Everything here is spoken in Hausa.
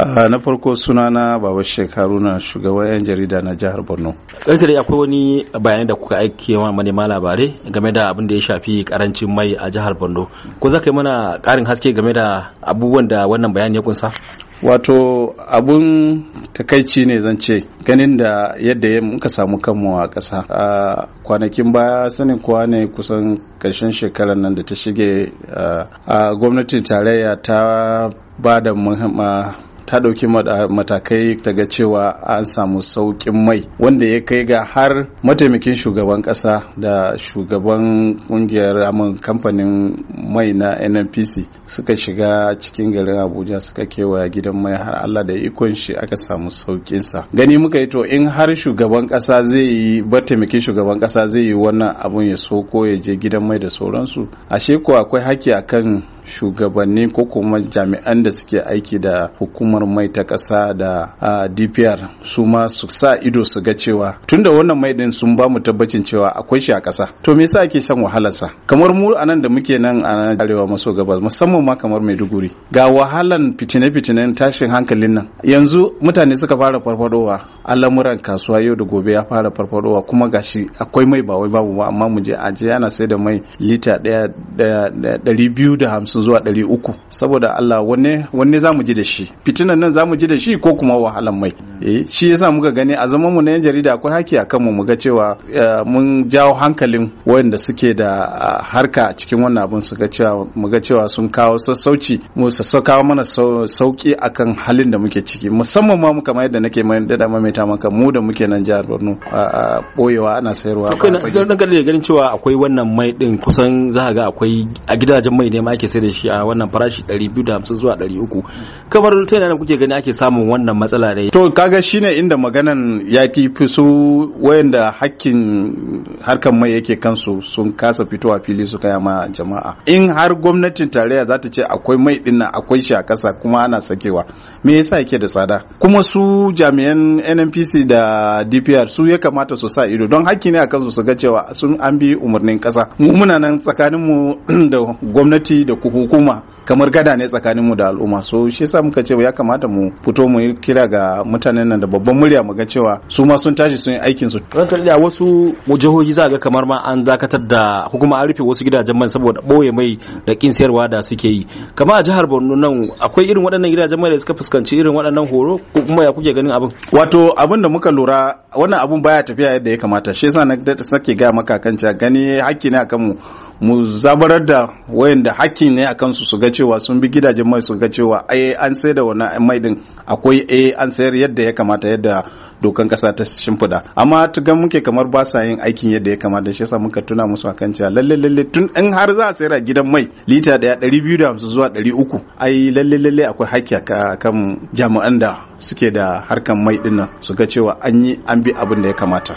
Ah, na farko sunana baba shekaru na shugaban yan jarida na jihar borno tsarkare akwai wani bayanai da kuka aiki wa manema labarai game da abin da ya shafi karancin mai a jihar borno ko za ka yi mana karin haske game da abubuwan da wannan bayani ya kunsa wato abun takaici ne zan ce ganin da yadda ya muka samu kanmu a ƙasa a ah, kwanakin baya sanin kowa ne kusan ƙarshen shekarar nan da ta shige ah, a gwamnatin tarayya ta ba da ta ɗauki matakai ta ga cewa an samu sauƙin mai wanda ya kai ga har mataimakin shugaban ƙasa da shugaban ƙungiyar amin kamfanin mai na nnpc suka shiga cikin garin abuja suka kewaya gidan mai har allah da ikon shi aka samu sauƙinsa gani muka yi to in har shugaban ƙasa zai yi mataimakin shugaban ƙasa zai yi wannan abun ya so ko ya je gidan mai da sauransu ashe ko akwai haƙƙi akan shugabanni ko kuma jami'an da suke aiki da hukumar mai ta kasa da dpr su ma su sa ido su ga cewa tunda wannan mai din sun ba mu tabbacin cewa akwai shi a kasa. to me yasa ake shan sa kamar mu a nan da muke nan a arewa maso gabas musamman ma kamar maiduguri ga wahalan fitine-fitinen tashin hankalin nan yanzu mutane suka fara farfadowa al'amuran kasuwa yau da gobe ya fara farfadowa kuma gashi akwai mai ba wai babu ba amma mu je aje ana sai da mai lita ɗaya ɗari biyu da hamsin hamsin zuwa ɗari uku saboda Allah wanne wanne za ji da shi fitinan nan zamu ji da shi ko kuma wahalan mai eh shi yasa muka gani a zaman mu na yan jarida akwai haki a kanmu mu ga cewa eh, mun jawo hankalin wayanda suke da ah, harka a cikin wannan abun su ga cewa mu ga cewa sun kawo sassauci mu sassauka mana sauki akan halin da muke ciki musamman ma kamar yadda nake mai da maimaita maka mu da muke nan jihar Borno a boyewa ana sayarwa ba. Zan ganin cewa akwai wannan mai din kusan za ga akwai a gidajen mai ne ma ake sayar da shi a wannan farashi 250 zuwa 300 kamar ta yana kuke gani ake samun wannan matsala dai to kaga shine inda maganan ya fi su wayanda hakkin harkan mai yake kansu sun kasa fitowa fili su kaya ma jama'a in har gwamnatin tarayya za ta ce akwai mai din akwai shi a kasa kuma ana sakewa me yasa yake da tsada kuma su jami'an NNPC da DPR su ya kamata su sa ido don hakki ne a kansu su ga cewa sun an bi umarnin kasa mu muna nan tsakanin mu da gwamnati da hukuma kamar gada ne tsakanin mu da al'umma so shi yasa muka ce ya kamata mu fito mu yi kira ga mutanen nan da babban murya mu ga cewa su ma sun tashi sun yi aikin su ranka da wasu jihohi za ga kamar ma an dakatar da hukuma an rufe wasu gidajen man saboda boye mai da kin sayarwa da suke yi kamar a jihar Borno nan akwai irin waɗannan gidajen mai da suka fuskanci irin waɗannan horo ko kuma ya kuke ganin abin wato abin da muka lura wannan abun baya tafiya yadda ya kamata shi yasa na take ga maka kan gani hakki ne akan mu mu zabarar da wayanda haƙƙi ne a kansu su ga cewa sun bi gidajen mai su ga cewa ai an sayar da wani mai din akwai eh an sayar yadda ya kamata yadda dokan kasa ta shimfida amma ga muke kamar ba sa yin aikin yadda ya kamata shi yasa muka tuna musu akan cewa lalle lalle tun in har za a sayar a gidan mai lita daya 250 zuwa uku ai lalle lalle akwai a kan jami'an da suke da harkan mai dinnan su ga cewa an yi an bi abin da ya kamata